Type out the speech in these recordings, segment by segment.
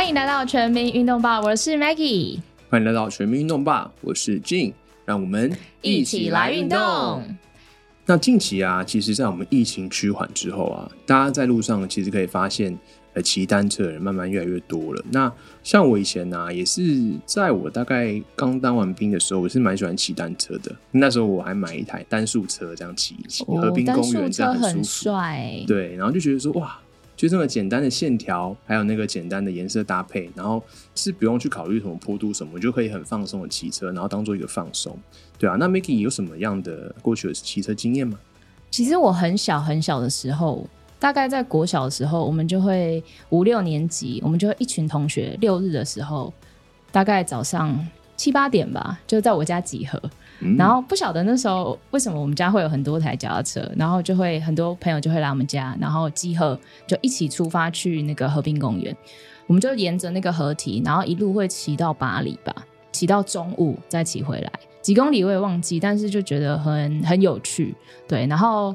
歡迎來到全民運動吧，我是 Maggie。歡迎來到全民運動吧，我是 Jin。讓我們一起，一起來運動。那近期啊，其實，在我們疫情趨緩之後啊，大家在路上其實可以發現，呃，騎單車的人慢慢越來越多了。那像我以前呢、啊，也是在我大概剛當完兵的時候，我是蠻喜歡騎單車的。那時候我還買一台單速車，這樣騎一騎，和、哦、河濱公園這樣很舒服，單速車很帥。對，然後就覺得說哇。就這麼簡單的線條，還有那個簡單的顏色搭配，然後是不用去考慮什麼坡度什麼，就可以很放鬆的騎車，然後當做一個放鬆，對啊。那 Maggie 有什麼樣的過去的騎車經驗嗎？其實我很小很小的時候，大概在國小的時候，我們就會五六年級，我們就會一群同學六日的時候，大概早上七八點吧，就在我家集合。然後不曉得那時候為什麼我們家會有很多台腳踏車，然後就會很多朋友就會來我們家，然後集合就一起出發去那個和平公園，我們就沿着那個河堤，然後一路會騎到八里吧，騎到中午再騎回來，幾公里我也忘記，但是就覺得很很有趣，對。然後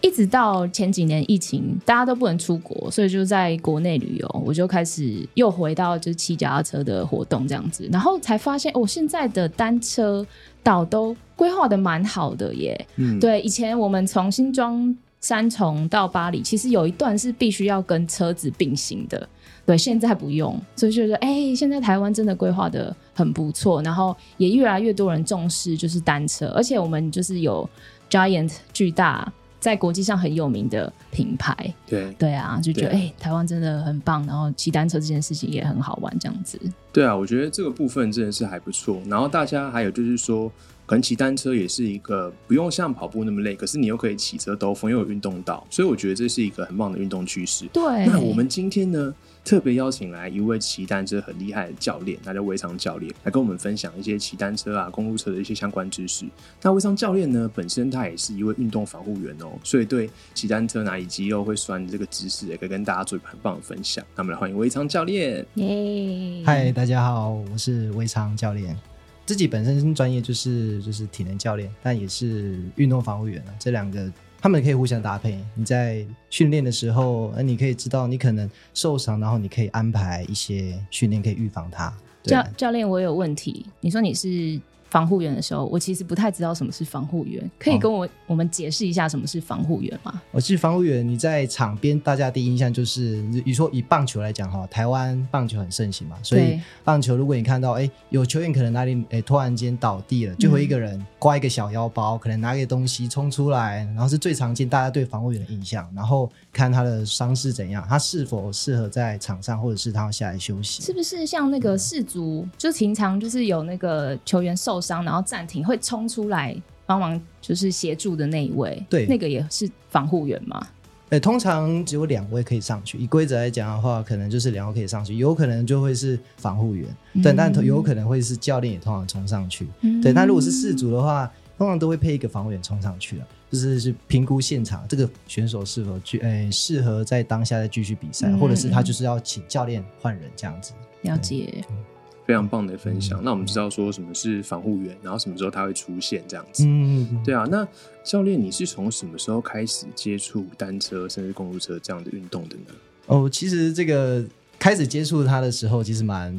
一直到前幾年疫情，大家都不能出國，所以就在國內旅遊，我就開始又回到就是騎腳踏車的活動這樣子，然後才發現我、哦、現在的單車。島都規劃的蠻好的耶。嗯，對，以前我們從新莊三重到巴黎，其實有一段是必須要跟車子並行的。對，現在不用，所以就是說，哎、欸，現在台灣真的規劃的很不錯，然後也越來越多人重視就是單車，而且我們就是有 Giant 巨大，在國際上很有名的品牌，對對啊，就覺得哎、欸，台灣真的很棒，然後騎單車這件事情也很好玩，這樣子。對啊，我覺得這個部分真的是還不錯。然後大家還有就是說。可能騎單車也是一個不用像跑步那麼累，可是你又可以騎車兜風，又有運動到，所以我覺得這是一個很棒的運動趨勢。對，那我們今天呢特別邀請來一位騎單車很厲害的教練，那叫威菖教練來跟我們分享一些騎單車啊、公路車的一些相關知識。那威菖教練呢本身他也是一位運動防護員哦、喔，所以對騎單車哪裡肌肉會酸這個知識也、欸、可以跟大家做一個很棒的分享。那我們來歡迎威菖教練。嗨、yeah.，大家好，我是威菖教練。自己本身專業就是就是體能教練，但也是運動防護員啊，這兩個他們可以互相搭配。你在訓練的時候，那你可以知道你可能受傷，然後你可以安排一些訓練可以預防他。教教練，我有問題。你說你是。防護員的時候，我其實不太知道什麼是防護員，可以跟我、嗯、我們解釋一下什麼是防護員嗎？我、哦、是防護員，你在場邊大家的第一印象就是，就說以棒球來講哈，台灣棒球很盛行嘛，所以棒球如果你看到哎、欸、有球員可能哪裡哎、欸、突然間倒地了，就會一個人刮一個小腰包，嗯、可能拿一個東西衝出來，然後是最常見大家對防護員的印象，然後。看他的傷勢怎樣，他是否適合在場上，或者是他要下來休息？是不是像那個四足、嗯，就平常就是有那個球員受傷，然後暫停會衝出來幫忙，就是協助的那一位？對，那個也是防護員嗎？呃、欸，通常只有兩位可以上去。以規則來講的話，可能就是兩位可以上去，有可能就會是防護員、嗯。對，但有可能會是教練也通常衝上去。嗯、對，那如果是四足的話，通常都會配一個防護員衝上去就是去評估現場這個選手是否去，誒、欸，適合在當下再繼續比賽、嗯，或者是他就是要請教練換人這樣子。了解，非常棒的分享、嗯。那我們知道說什麼是防護員，然後什麼時候他會出現這樣子。嗯嗯，對啊。那教練，你是從什麼時候開始接觸單車，甚至公路車這樣的運動的呢？哦，其實這個開始接觸他的時候，其實蠻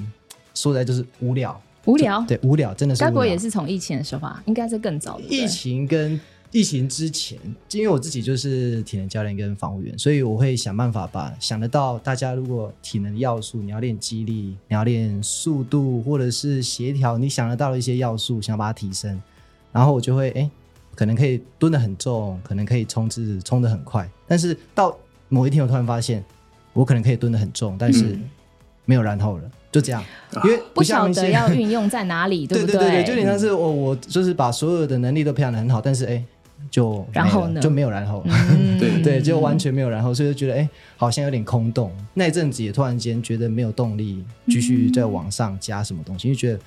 說來就是無聊，無聊，對，無聊，真的是。該不會也是從疫情的時候吧？應該是更早的。疫情跟疫情之前，因為我自己就是體能教練跟防護員，所以我會想辦法把想得到大家如果體能的要素，你要練肌力，你要練速度，或者是協調，你想得到的一些要素，想把它提升。然後我就會哎、欸，可能可以蹲得很重，可能可以衝刺衝的很快。但是到某一天，我突然發現，我可能可以蹲得很重，但是沒有然後了，嗯、就這樣。因為不曉得要運用在哪裡， 對不對，對，對，對？對、嗯、對就有點像是我我就是把所有的能力都培養的很好，但是哎。欸就然後呢？就沒有然後，對、嗯、 對，就完全沒有然後，所以就覺得哎、欸，好像有點空洞。那一陣子也突然間覺得沒有動力繼續再往上加什麼東西，就、嗯、覺得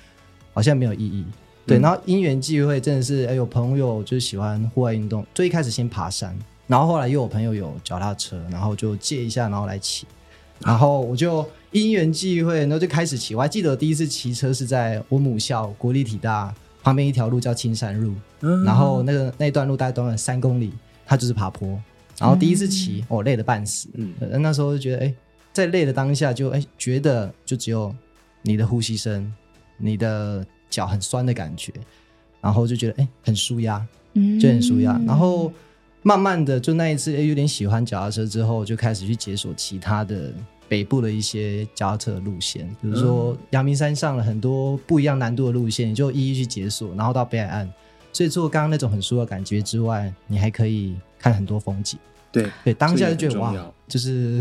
好像沒有意義。對，嗯、然後因緣際會，真的是哎、欸，有朋友就是喜歡戶外運動，最一開始先爬山，然後後來又有朋友有腳踏車，然後就借一下，然後來騎，然後我就因緣際會，然後就開始騎。我還記得第一次騎車是在我母校國立體大。旁邊一條路叫青山路，哦、然後那個那段路大概短短三公里，它就是爬坡。然後第一次騎，我、嗯哦，累得半死。嗯、呃，那時候就覺得，哎、欸，在累的當下就，就、欸、哎覺得就只有你的呼吸聲，你的腳很酸的感覺，然後就覺得哎、欸、很舒壓，嗯，就很舒壓、嗯。然後慢慢的，就那一次，欸、有點喜歡腳踏車之後，就開始去解鎖其他的北部的一些腳踏車的路線，比如說陽明山上了很多不一樣難度的路線，你就一一去解鎖，然後到北海岸。所以除了剛剛那種很舒服的感覺之外，你還可以看很多風景。對對，當下就覺得哇，就是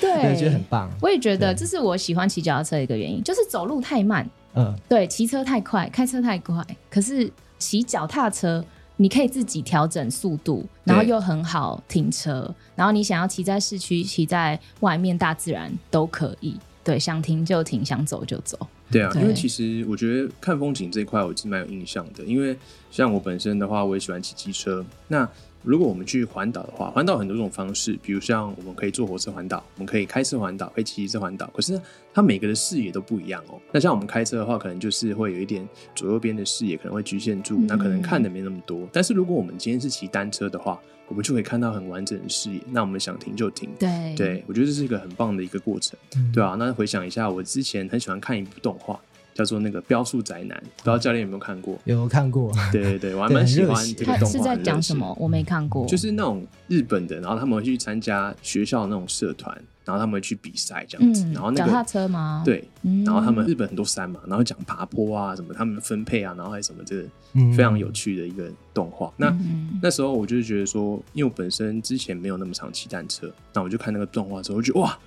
對，覺 得很棒。我也覺得，這是我喜歡騎腳踏車的一個原因，就是走路太慢，嗯，對，騎車太快，開車太快，可是騎腳踏車。你可以自己調整速度，然後又很好停車，然後你想要騎在市區，騎在外面大自然都可以。對，想停就停，想走就走。對啊！對，因為其實我覺得看風景這一塊我其實蠻有印象的，因為像我本身的話，我也喜歡騎機車。那如果我們去環島的話，環島很多種方式，比如像我們可以坐火車環島，我們可以開車環島，可以騎車環島。可是它每個的視野都不一樣哦。那像我們開車的話，可能就是會有一點左右邊的視野可能會局限住，那可能看的沒那麼多。嗯。但是如果我們今天是騎單車的話，我們就可以看到很完整的視野。那我們想停就停。對，對我覺得這是一個很棒的一個過程。嗯，對啊，那回想一下，我之前很喜歡看一部動畫。叫做那個飆速宅男，不知道教練有沒有看過？有看過。對對對，我還蠻喜歡這個動畫 他是在講什麼？我沒看過。就是那種日本的，然後他們會去參加學校的那種社團，然後他們會去比賽這樣子。嗯。然後那個腳踏車嗎？對。然後他們日本很多山嘛，嗯、然後講爬坡啊什麼，他們分配啊，然後還什麼這個非常有趣的一個動畫。嗯。那那時候我就覺得說，因為我本身之前沒有那麼常騎單車，那我就看那個動畫之後，我覺得哇。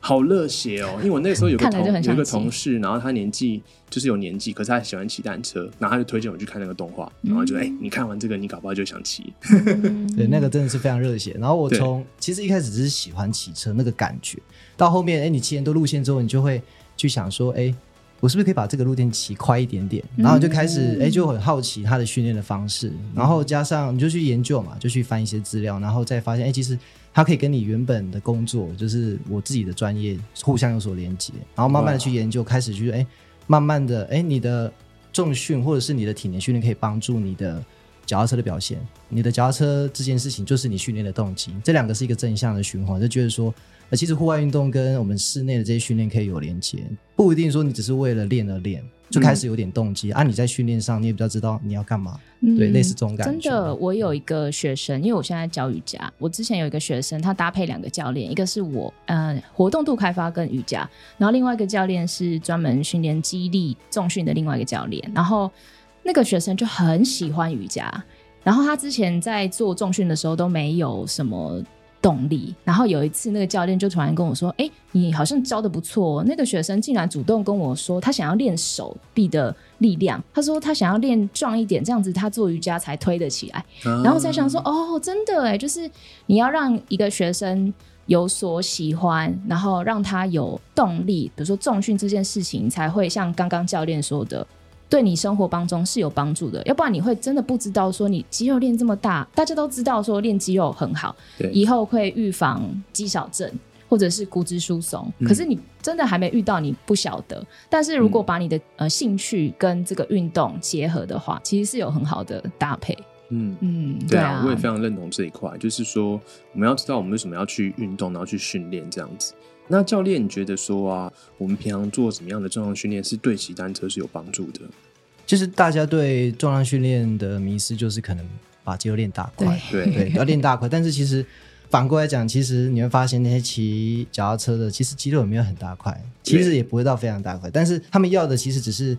好熱血哦！因為我那時候有個同有一個同事，然後他年紀就是有年紀，可是他喜歡騎單車，然後他就推薦我去看那個動畫、嗯，然後就哎、欸，你看完這個，你搞不好就想騎。嗯、 對，那個真的是非常熱血。然後我從其實一開始只是喜歡騎車那個感覺，到後面哎、欸，你騎很多路線之後，你就會去想說哎、欸我是不是可以把這個路徑騎快一點點，然後就開始哎、嗯欸，就很好奇他的訓練的方式，然後加上你就去研究嘛，就去翻一些資料，然後再發現哎、欸，其實他可以跟你原本的工作，就是我自己的專業互相有所連接，然後慢慢的去研究，wow. 開始去哎、欸，慢慢的哎、欸，你的重訓或者是你的體能訓練可以幫助你的。腳踏車的表現，你的腳踏車這件事情就是你訓練的動機，這兩個是一個正向的循環。就覺得說，其實戶外運動跟我們室內的這些訓練可以有連接，不一定說你只是為了練而練就開始有點動機、嗯、啊。你在訓練上，你也比較知道你要幹嘛，嗯、對、嗯，類似這種感覺。真的，我有一個學生，因為我現在教瑜伽，我之前有一個學生，他搭配兩個教練，一個是我，呃，活動度開發跟瑜伽，然後另外一個教練是專門訓練肌力重訓的另外一個教練，然後。那個學生就很喜歡瑜伽，然後他之前在做重訓的時候都沒有什麼動力，然後有一次那個教練就突然跟我說：“哎、欸，你好像教得不錯。”那個學生竟然主動跟我說他想要練手臂的力量，他說他想要練壯一點，這樣子他做瑜伽才推得起來。嗯、然後我在想說：“哦，真的哎，就是你要讓一個學生有所喜歡，然後讓他有動力，比如說重訓這件事情，才會像剛剛教練說的。”對你生活當中是有幫助的，要不然你會真的不知道說你肌肉練這麼大，大家都知道說練肌肉很好，對，以後會預防肌少症或者是骨質疏鬆、嗯。可是你真的還沒遇到，你不曉得。但是如果把你的、嗯、呃興趣跟這個運動結合的話，其實是有很好的搭配。嗯嗯，對啊，對啊，我也非常認同這一塊，就是說我們要知道我們為什麼要去運動，然後去訓練這樣子。那教練你覺得說啊，我們平常做什麼樣的重量訓練是對騎單車是有幫助的？就是大家對重量訓練的迷思，就是可能把肌肉練大塊，對對，對要練大塊。 但是其實反過來講，其實你會發現那些騎腳踏車的，其實肌肉也沒有很大塊，其實也不會到非常大塊。但是他們要的其實只是。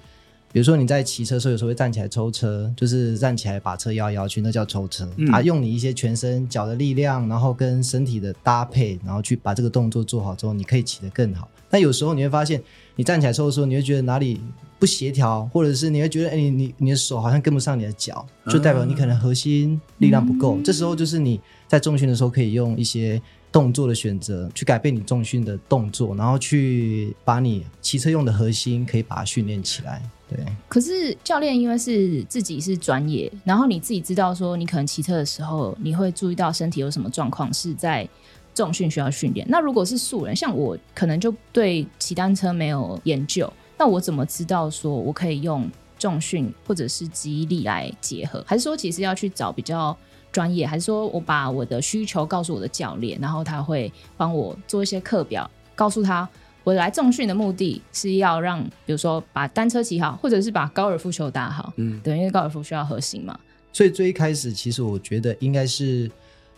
比如說你在騎車的時候，有時候會站起來抽車，就是站起來把車搖一搖去，那叫抽車。啊、嗯，用你一些全身腳的力量，然後跟身體的搭配，然後去把這個動作做好之後，你可以騎得更好。但有時候你會發現，你站起來抽的時候，你會覺得哪裡不協調，或者是你會覺得，哎、欸，你你你的手好像跟不上你的腳，就代表你可能核心力量不夠、嗯。這時候就是你在重訓的時候可以用一些動作的選擇去改變你重訓的動作，然後去把你騎車用的核心可以把它訓練起來。對，可是教練因為是自己是專業，然後你自己知道說你可能騎車的時候，你會注意到身體有什麼狀況是在重訓需要訓練。那如果是素人，像我可能就對騎單車沒有研究，那我怎麼知道說我可以用重訓或者是肌力來結合？還是說其實要去找比較專業，還是說我把我的需求告訴我的教練，然後他會幫我做一些課表，告訴他。我來重訓的目的是要讓，比如說把單車騎好，或者是把高爾夫球打好。嗯，對，因為高爾夫需要核心嘛。所以最一開始，其實我覺得應該是，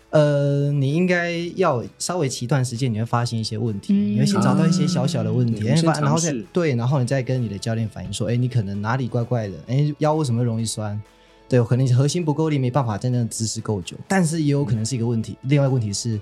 呃，你應該要稍微騎一段時間，你會發現一些問題，嗯、你會先找到一些小小的問題，啊欸、然後再對，然後你再跟你的教練反映說，哎、欸，你可能哪裡怪怪的，哎、欸，腰為什麼容易酸？對，可能核心不夠力，沒辦法真正的姿勢夠久。但是也有可能是一個問題，嗯、另外一個問題是。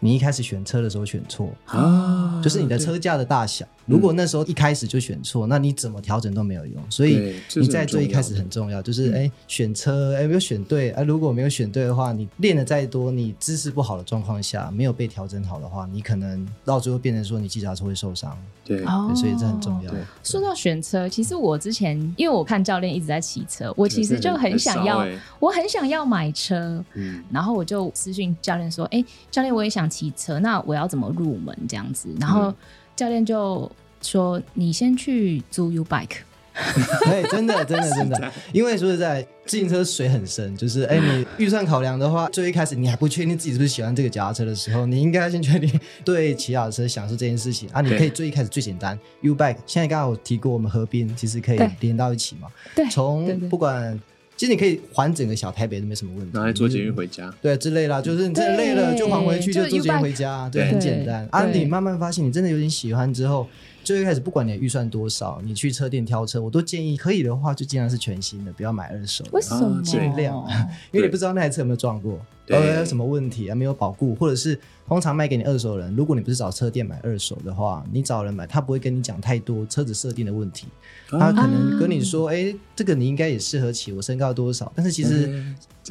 你一開始選車的時候選錯啊，就是你的車架的大小。如果那時候一開始就選錯、嗯，那你怎麼調整都沒有用。所以你在最一開始很重要，是重要就是哎、欸、選車哎、欸、沒有選對哎、嗯，如果沒有選對的話，你練的再多，你姿勢不好的狀況下，沒有被調整好的話，你可能到最後變成說你騎車會受傷。對，所以這很重要。說到選車，其實我之前、嗯、因為我看教練一直在騎車，我其實就很想要對對對很、欸，我很想要買車。嗯，然後我就私訊教練說：“哎、欸，教練，我也想。”騎車，那我要怎麼入門這樣子？然後教練就說：“你先去租 U bike。 ”對、欸，真的，真的，真的。因為說實在，自行車水很深。就是，哎、欸，你預算考量的話，最一開始你還不確定自己是不是喜歡這個腳踏車的時候，你應該先確定對騎腳踏車享受這件事情啊。你可以最一開始最簡單 U bike。現在剛好我提過，我們河邊其實可以連到一起嘛？對，從不管。其實你可以還整個小台北都沒什麼問題，拿來坐捷運回家，對，之類啦，就是你真的累了就還回去就坐捷運回家對對，對，很簡單。啊，你慢慢發現你真的有點喜歡之後，最一開始不管你的預算多少，你去車店挑車，我都建議可以的話就盡量是全新的，不要買二手，的。為什麼、啊、盡量、啊，因為你不知道那台車有沒有撞過。呃，有什麼問題啊？沒有保固，或者是通常賣給你二手人。如果你不是找車店買二手的話，你找人買，他不會跟你講太多車子設定的問題。他可能跟你說：“哎、嗯欸，這個你應該也適合騎，我身高多少？”但是其實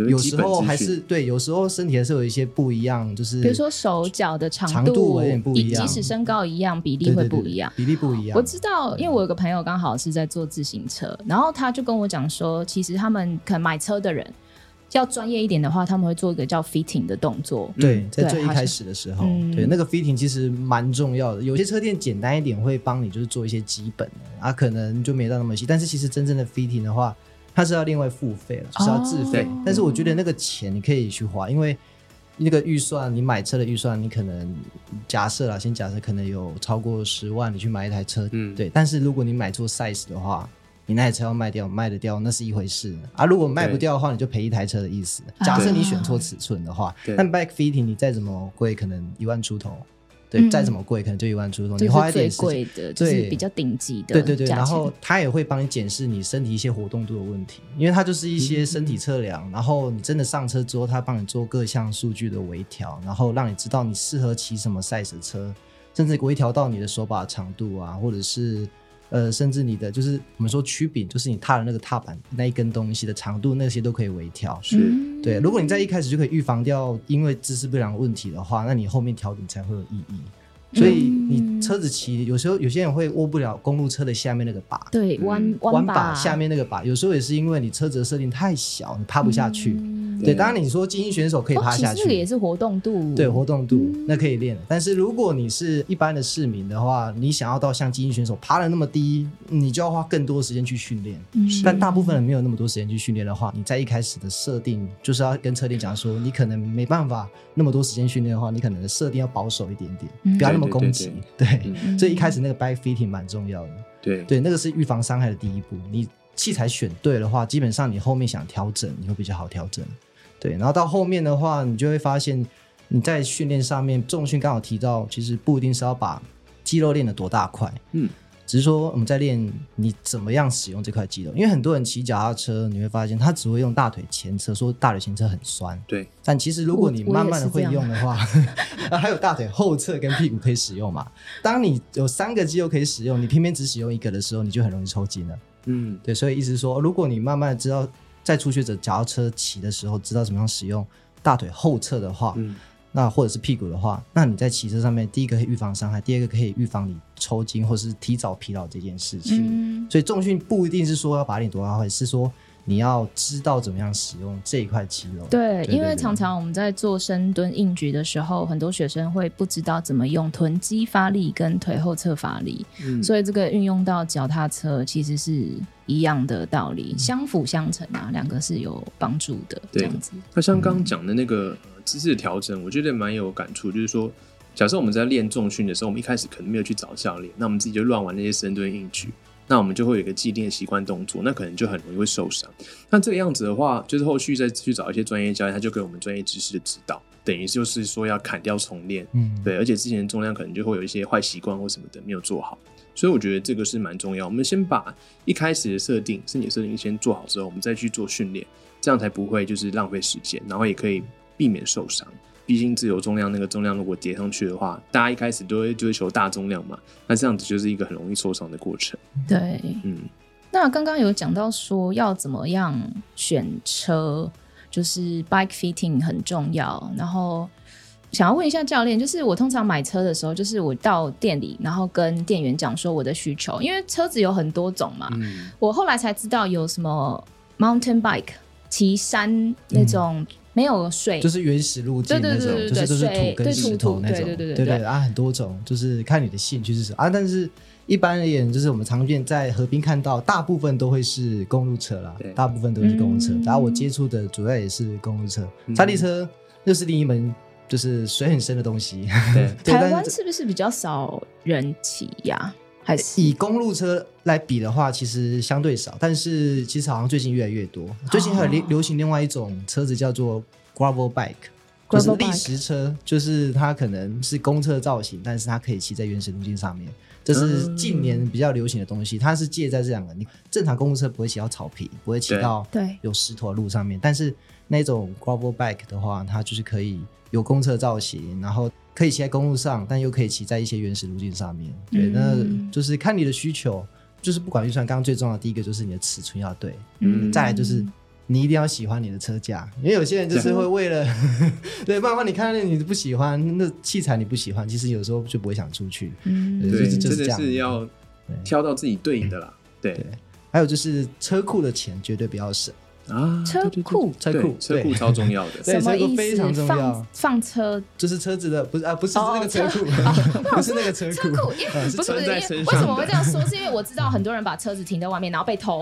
有時候還是對，有時候身體還是有一些不一樣，就是比如說手腳的長度，長度有點不一樣比即使身高一樣，比例會不一樣對對對，比例不一樣。我知道，因為我有個朋友剛好是在做自行車，然後他就跟我講說，其實他們可能買車的人。要專業一點的話，他們會做一個叫 fitting 的動作。對，在最一開始的時候，對，對那個 fitting 其實蠻重要的、嗯。有些車店簡單一點會幫你，就是做一些基本的啊，可能就沒到那麼細。但是其實真正的 fitting 的話，它是要另外付費的，就是要自費、哦。但是我覺得那個錢你可以去花，因為那個預算、嗯，你買車的預算，你可能假設啦，先假設可能有超過十萬，你去買一台車，嗯，對。但是如果你買錯 size 的話，你那台車要賣掉，賣得掉那是一回事啊。如果賣不掉的話，你就賠一台車的意思。假設你選錯尺寸的話，啊、但 back fitting 你再怎麼貴，可能一萬出頭。對，再、嗯、怎麼貴，可能就一萬出頭。就是、你花最貴的，就是比較頂級的。對對對，對，然後它也會幫你檢視你身體一些活動度的問題，因為它就是一些身體測量、嗯。然後你真的上車之後，它幫你做各項數據的微調，然後讓你知道你適合騎什麼 size 的車，甚至微調到你的手把的長度啊，或者是。呃，甚至你的就是我們說曲柄，就是你踏的那個踏板那一根東西的長度，那些都可以微調。是、嗯、對，如果你在一開始就可以預防掉因為姿勢不良的問題的話，那你後面調整才會有意義。所以你車子騎、嗯，有時候有些人會握不了公路車的下面那個把，對，彎彎把下面那個把，有時候也是因為你車子的設定太小，你趴不下去。嗯對，當然你說精英選手可以趴下去，哦、這也是活動度。對，活動度那可以練、嗯。但是如果你是一般的市民的話，你想要到像精英選手趴的那麼低，你就要花更多時間去訓練、嗯。但大部分人沒有那麼多時間去訓練的話，你在一開始的設定就是要跟車店講說，你可能沒辦法那麼多時間訓練的話，你可能的設定要保守一點點，嗯、不要那麼攻擊。對，對，對，對，對、嗯嗯。所以一開始那個 bike fitting 蠻重要的。對。對，那個是預防傷害的第一步。你器材選對的話，基本上你後面想調整，你會比較好調整。對，然後到後面的話，你就會發現你在訓練上面，重訓剛好提到，其實不一定是要把肌肉練得多大塊，嗯，只是說我們在練你怎麼樣使用這塊肌肉。因為很多人騎腳踏車，你會發現他只會用大腿前側，說大腿前側很酸，對。但其實如果你慢慢的會用的話，然後 還有大腿後側跟屁股可以使用嘛。當你有三個肌肉可以使用，你偏偏只使用一個的時候，你就很容易抽筋了。嗯，對，所以意思是說，如果你慢慢的知道。在初學者假如車騎的時候，知道怎麼樣使用大腿後側的話、嗯，那或者是屁股的話，那你在騎車上面，第一個可以預防傷害，第二個可以預防你抽筋或是提早疲勞這件事情。嗯、所以重訓不一定是說要把你多拉回，是說。你要知道怎麼樣使用這一塊肌肉。對，對，對，對，因為常常我們在做深蹲硬舉的時候，很多學生會不知道怎麼用臀肌發力跟腿後側發力，嗯，所以這個運用到腳踏車其實是一樣的道理，嗯，相輔相成啊，兩個是有幫助的這樣子。對，那像剛剛講的那個姿勢調整，嗯，我覺得蠻有感觸，就是說，假設我們在練重訓的時候，我們一開始可能沒有去找教練，那我們自己就亂玩那些深蹲硬舉。那我們就會有一個既定的習慣動作，那可能就很容易會受傷。那這個樣子的話，就是後續再去找一些專業教練，他就給我們專業知識的指導，等於就是說要砍掉重練。嗯，對，而且之前的重量可能就會有一些壞習慣或什麼的沒有做好，所以我覺得這個是蠻重要。我們先把一開始的設定，身體設定先做好之後，我們再去做訓練，這樣才不會就是浪費時間，然後也可以避免受傷。畢竟自由重量那個重量如果疊上去的話，大家一開始都會追求大重量嘛。那這樣子就是一個很容易受傷的過程。對，嗯。那剛剛有講到說要怎麼樣選車，就是 bike fitting 很重要。然後想要問一下教練，就是我通常買車的時候，就是我到店裡，然後跟店員講說我的需求，因為車子有很多種嘛。嗯、我後來才知道有什麼 mountain bike 騎山那種、嗯。沒有水，就是原始路徑那種，對對對對對，就是就是土跟石頭那種，對對，土土對對對，對，對，對，對啊，很多種，就是看你的興趣是什麼啊。但是一般而言，就是我們常見在河邊看到，大部分都會是公路車啦。大部分都是公路車、嗯。然後我接觸的主要也是公路車，山、嗯、地車又是另一門，就是水很深的東西。 台灣是不是比較少人騎呀、啊？還是以公路車來比的話，其實相對少，但是其實好像最近越來越多。哦、最近很流流行另外一種車子叫做 gravel bike，就是礫石車，就是它可能是公車造型，但是它可以騎在原始路徑上面。這是近年比較流行的東西。嗯、它是借在這兩個，你正常公路車不會騎到草皮，不會騎到對，有石頭的路上面，但是那種 gravel bike 的話，它就是可以有公車造型，然後。可以騎在公路上，但又可以騎在一些原始路徑上面。對、嗯，那就是看你的需求，就是不管預算。剛剛最重要的第一個就是你的尺寸要對。嗯，再來就是你一定要喜歡你的車架，因為有些人就是會為了，對，慢慢你看到你不喜歡那器材，你不喜歡，其實有時候就不會想出去。嗯，對，這就是要挑到自己對的啦對對。對，還有就是車庫的錢絕對不要省。啊，車庫，車庫，車庫超重要的，對，什麼意思？對車庫非常重要，放，放車，就是車子的，不是啊，不是,哦是哦、 不是那個車庫，不是那個車庫，也不是因為、啊、是車因為,為什麼會這樣說， 是因為我知道很多人把車子停在外面，然後被偷，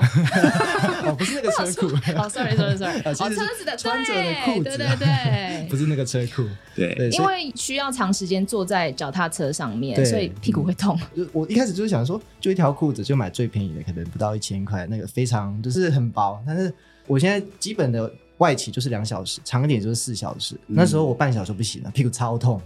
不是那個車庫，哦，sorry，sorry，sorry，哦，車子的，穿着的褲子，對對對，不是那個車庫、 哦啊，對,對,對,對, 庫對,對，因為需要長時間坐在腳踏車上面，所以屁股會痛。嗯、我一開始就是想說，就一條褲子就買最便宜的，可能不到一千塊，那個非常就是很薄，但是。我現在基本的外騎就是兩小時，長一點就是四小時。嗯。那時候我半小時不行了，屁股超痛。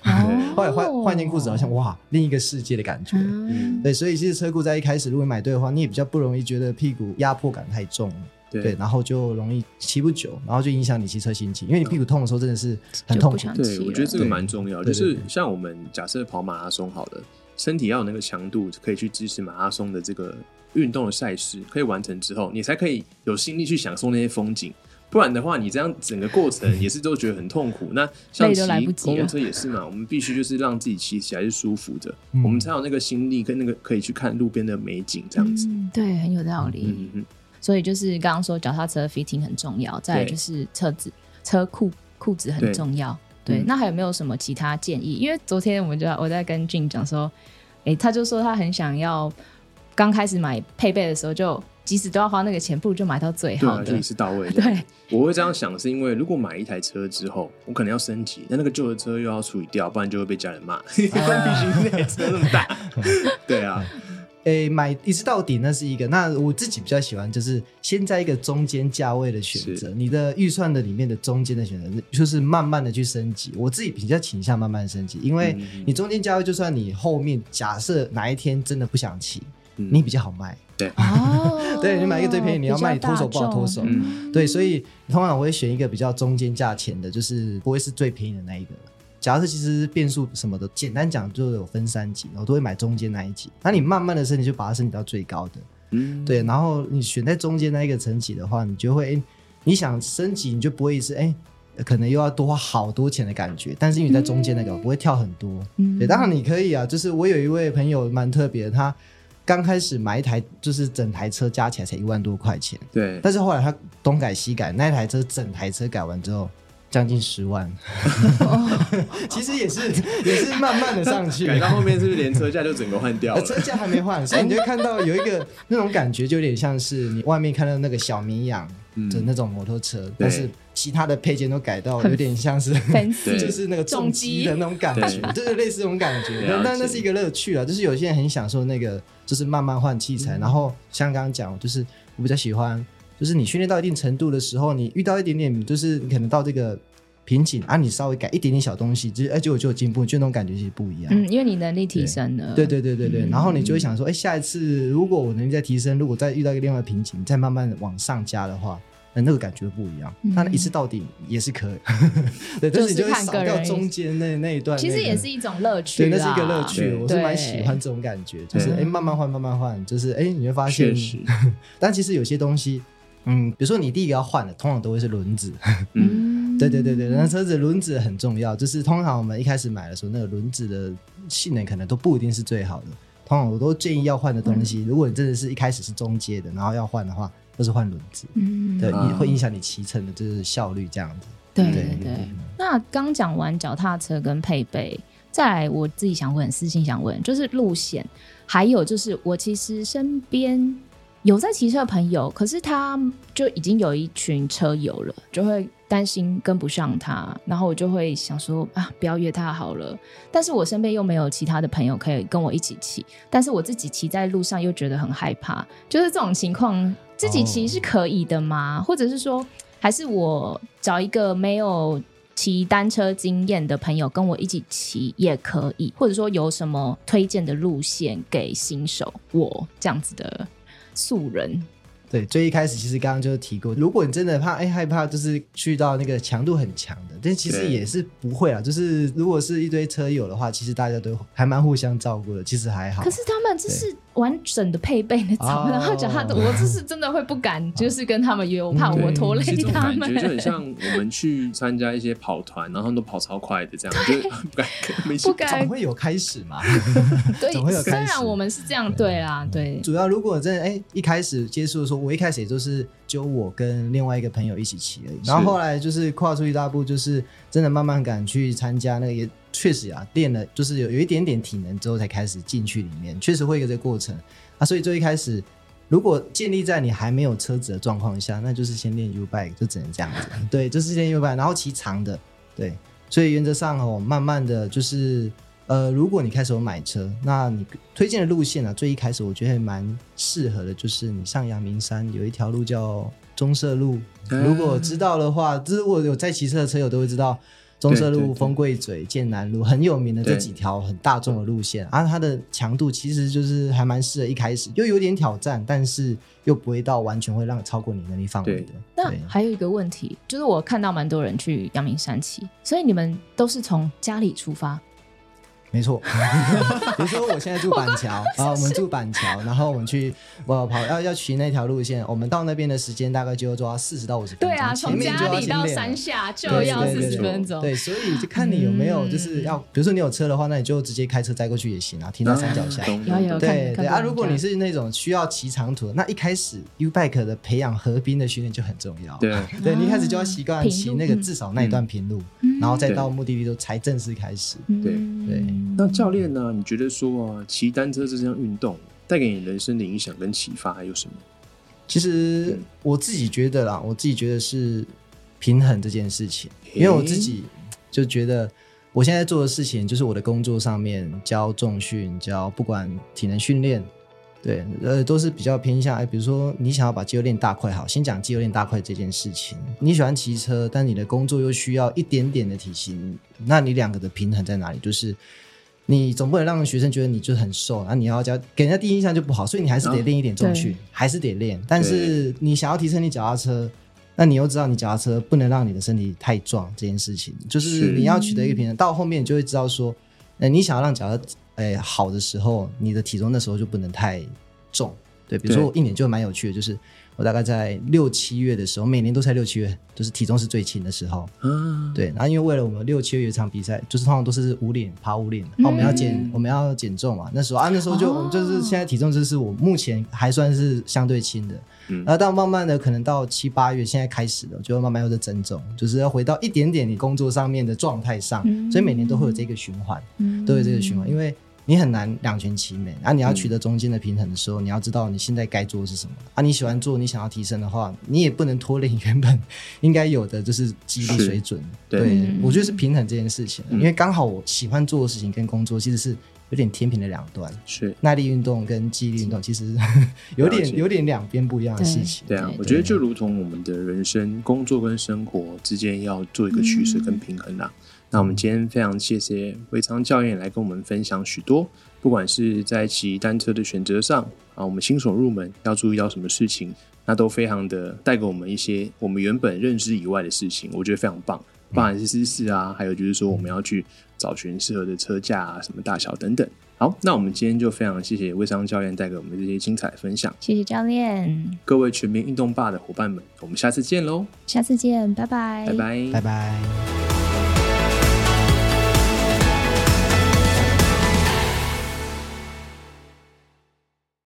後來換換、哦、件褲子，好像哇，另一個世界的感覺。嗯、對，所以其實車褲在一開始如果買對的話，你也比較不容易覺得屁股壓迫感太重。對、對，然後就容易騎不久，然後就影響你騎車心情，因為你屁股痛的時候真的是很痛苦。對，我覺得這個蠻重要，對對對對，就是像我們假設跑馬拉松好了，身體要有那個強度，可以去支持馬拉松的這個。運動的賽事可以完成之後，你才可以有心力去享受那些風景，不然的話，你這樣整個過程也是都覺得很痛苦。那像騎公交車也是嘛，我們必須就是讓自己騎起來是舒服的、嗯，我們才有那個心力跟那個可以去看路邊的美景這樣子、嗯。對，很有道理。嗯、所以就是剛剛說腳踏車的 fitting 很重要，再來就是車子車褲褲子很重要。對，對、嗯，那還有沒有什麼其他建議？因為昨天我們就我在跟 Jin 講說，哎、欸，他就說他很想要。剛開始買配備的時候，就即使都要花那個錢，不如就買到最好的。對啊，是到位的。對，我會這樣想，是因為如果買一台車之後，我可能要升級，但那個舊的車又要處理掉，不然就會被家人罵。啊、 必須平行車那麼大， 對啊。誒、哎，買一次到底那是一個，那我自己比較喜歡就是先在一個中間價位的選擇，你的預算的裡面的中間的選擇，就是慢慢的去升級。我自己比較傾向慢慢升級，因為你中間價位，就算你後面假設哪一天真的不想騎。你比較好賣，嗯、對， 對，你買一個最便宜，你要賣你脫手不好脫手、嗯，對，所以通常我會選一個比較中間價錢的，就是不會是最便宜的那一個。假設其實變速什麼的，簡單講就有分三級，我都會買中間那一級。那你慢慢的升級，你就把它升級到最高的，嗯，對。然後你選在中間那一個層級的話，你就會、欸，你想升級你就不會是，哎、欸，可能又要多花好多錢的感覺。但是因為在中間那個不會跳很多、嗯，對。當然你可以啊，就是我有一位朋友蠻特別的，他。剛開始買一台，就是整台車加起來才一萬多塊錢。對，但是後來他東改西改，那一台車整台車改完之後，將近十萬。 其實也是也是慢慢的上去，改到後面是不是連車架就整個換掉了？車架還沒換，所以你就看到有一個那種感覺，就有點像是你外面看到那個小綿羊。的那種摩托車、嗯，但是其他的配件都改到有點像是，就是那個重機的那種感覺，就是類似這種感覺。那那是一個樂趣啊，就是有些人很享受那個，就是慢慢換器材、嗯。然後像剛剛講，就是我比較喜歡，就是你訓練到一定程度的時候，你遇到一點點，就是你可能到這個瓶頸啊，你稍微改一點點小東西，就哎就我就有進步，就那種感覺其實不一樣。嗯，因為你能力提升了。對對對對對，對、嗯。然後你就會想說，哎、欸，下一次如果我能力再提升，如果再遇到一個另外瓶頸，再慢慢往上加的話。嗯、那個感覺不一樣，但一次到底也是可以。嗯、 對，就是你就是少掉中間那、就是、那一段、那個，其實也是一種樂趣。對，那是一個樂趣，我是蠻喜歡這種感覺，就是哎慢慢換，慢慢換，就是哎、欸、你會發現。是是 但其實有些東西，嗯，比如說你第一個要換的，通常都會是輪子。嗯、 對對對對，那車子輪子很重要，就是通常我們一開始買的時候，那個輪子的性能可能都不一定是最好的。通常我都建議要換的東西、嗯，如果你真的是一開始是中階的，然後要換的話。都是換輪子，對，會影響你騎乘的就是效率這樣子。嗯、對對對。嗯、那剛講完腳踏車跟配備，再來我自己想問，私心想問，就是路線，還有就是我其實身邊有在騎車的朋友，可是他就已經有一群車友了，就會。擔心跟不上他，然後我就會想說啊，不要約他好了。但是我身邊又沒有其他的朋友可以跟我一起騎，但是我自己騎在路上又覺得很害怕，就是這種情況，自己騎是可以的嗎？Oh. 或者是說，還是我找一個沒有騎單車經驗的朋友跟我一起騎也可以？或者說有什麼推薦的路線給新手我這樣子的素人？對，最一開始其實剛剛就是提過，如果你真的怕，哎、欸、害怕，就是去到那個強度很強的，但其實也是不會啊。就是如果是一堆車友的話，其實大家都還蠻互相照顧的，其實還好。可是他們這是完整的配備的，然後講他的我就是真的會不敢，就是跟他們約、啊啊，我怕我拖累他們。其實這就很像我們去參加一些跑團，然後他們都跑超快的這樣，就呵呵不敢，總會有開始嘛。 總會有開始。雖然我們是這樣對啦，對、嗯。主要如果真的哎、欸、一開始接觸的時候。我一開始也就是就我跟另外一個朋友一起騎而已，然後後來就是跨出一大步，就是真的慢慢敢去參加那個，也確實啊，練了就是有有一點點體能之後才開始進去裡面，確實會有這個過程啊。所以最一開始，如果建立在你還沒有車子的狀況下，那就是先練 U-Bike，就只能這樣子。對，就是先練 U-Bike，然後騎長的。對，所以原則上哦，慢慢的就是。呃，如果你開始買車，那你推薦的路線呢？啊？最一開始我覺得還蠻適合的，就是你上陽明山有一條路叫中社路，嗯、如果我知道的話，就是我有在騎車的車友都會知道中社路、風櫃嘴、劍南路，很有名的這幾條很大眾的路線啊。它的強度其實就是還蠻適合一開始，又有點挑戰，但是又不會到完全會讓你超過你能力範圍的。對對。那還有一個問題，就是我看到蠻多人去陽明山騎，所以你們都是從家裡出發？沒錯，比如說我現在住板橋 啊，我們住板橋， 然後我們去我跑要要騎那條路線，我們到那邊的時間大概就要抓四十到五十分鐘。對啊，從家裡到山下就要四十分鐘。對，所以就看你有沒有就是要、嗯，比如說你有車的話，那你就直接開車載過去也行啊，停到山腳下、嗯嗯嗯。對對，對，對啊，如果你是那種需要騎長途，那一開始 U Bike 的培養合併的訓練就很重要。對對、啊、對，你一開始就要習慣騎那個至少那一段平路，嗯嗯、然後再到目的地就才正式開始。對、嗯、對。對那教練呢？你覺得說啊，騎單車這項運動帶給你人生的影響跟啟發還有什麼？其實我自己覺得啦，我自己覺得是平衡這件事情，Okay. 因為我自己就覺得我現在做的事情就是我的工作上面教重訓教不管體能訓練，對呃都是比較偏向哎、欸，比如說你想要把肌肉練大塊好，先講肌肉練大塊這件事情。你喜歡騎車，但你的工作又需要一點點的體型，那你兩個的平衡在哪裡？就是。你總不能讓學生覺得你就是很瘦後、啊、你要教給人家第一印象就不好，所以你還是得練一點重訓、哦，還是得練。但是你想要提升你腳踏車，那你又知道你腳踏車不能讓你的身體太壯這件事情，就是你要取得一個平衡。到後面你就會知道說，呃，你想要讓腳踏呃好的時候，你的體重那時候就不能太重。對，比如說我一年就蠻有趣的，就是。我大概在六七月的時候，每年都在六七月，就是體重是最輕的時候。嗯，對。然、啊、後因為為了我們六七月有一場比賽，就是通常都是武嶺爬武嶺。的、嗯，那、啊、我們要減，我們要減重嘛。那時候啊，那時候就、哦、就是現在體重就是我目前還算是相對輕的。嗯。然後，但慢慢的可能到七八月，現在開始了，就會慢慢又在增重，就是要回到一點點你工作上面的狀態上、嗯。所以每年都會有這個循環，都、嗯、有這個循環，因為。你很難兩全其美啊！你要取得中間的平衡的時候、嗯，你要知道你現在該做的是什麼啊！你喜歡做，你想要提升的話，你也不能拖累原本應該有的就是肌力水準。對、嗯、我覺得是平衡這件事情、嗯，因為剛好我喜歡做的事情跟工作其實是有點天平的兩端。是耐力運動跟肌力運動，其實 有點有點兩邊不一樣的事情。對，對啊對，我覺得就如同我們的人生、對工作跟生活之間要做一個取舍跟平衡啊。嗯。那我們今天非常謝謝威菖教練來跟我們分享許多，不管是在騎單車的選擇上啊，我們新手入門要注意到什麼事情，那都非常的帶給我們一些我們原本認知以外的事情，我覺得非常棒。不管是姿勢啊，還有就是說我們要去找尋適合的車架啊，什麼大小等等。好，那我們今天就非常謝謝威菖教練帶給我們這些精彩的分享，謝謝教練。嗯、各位全民運動霸的夥伴們，我們下次見嘍！下次見，拜拜！拜拜！拜拜！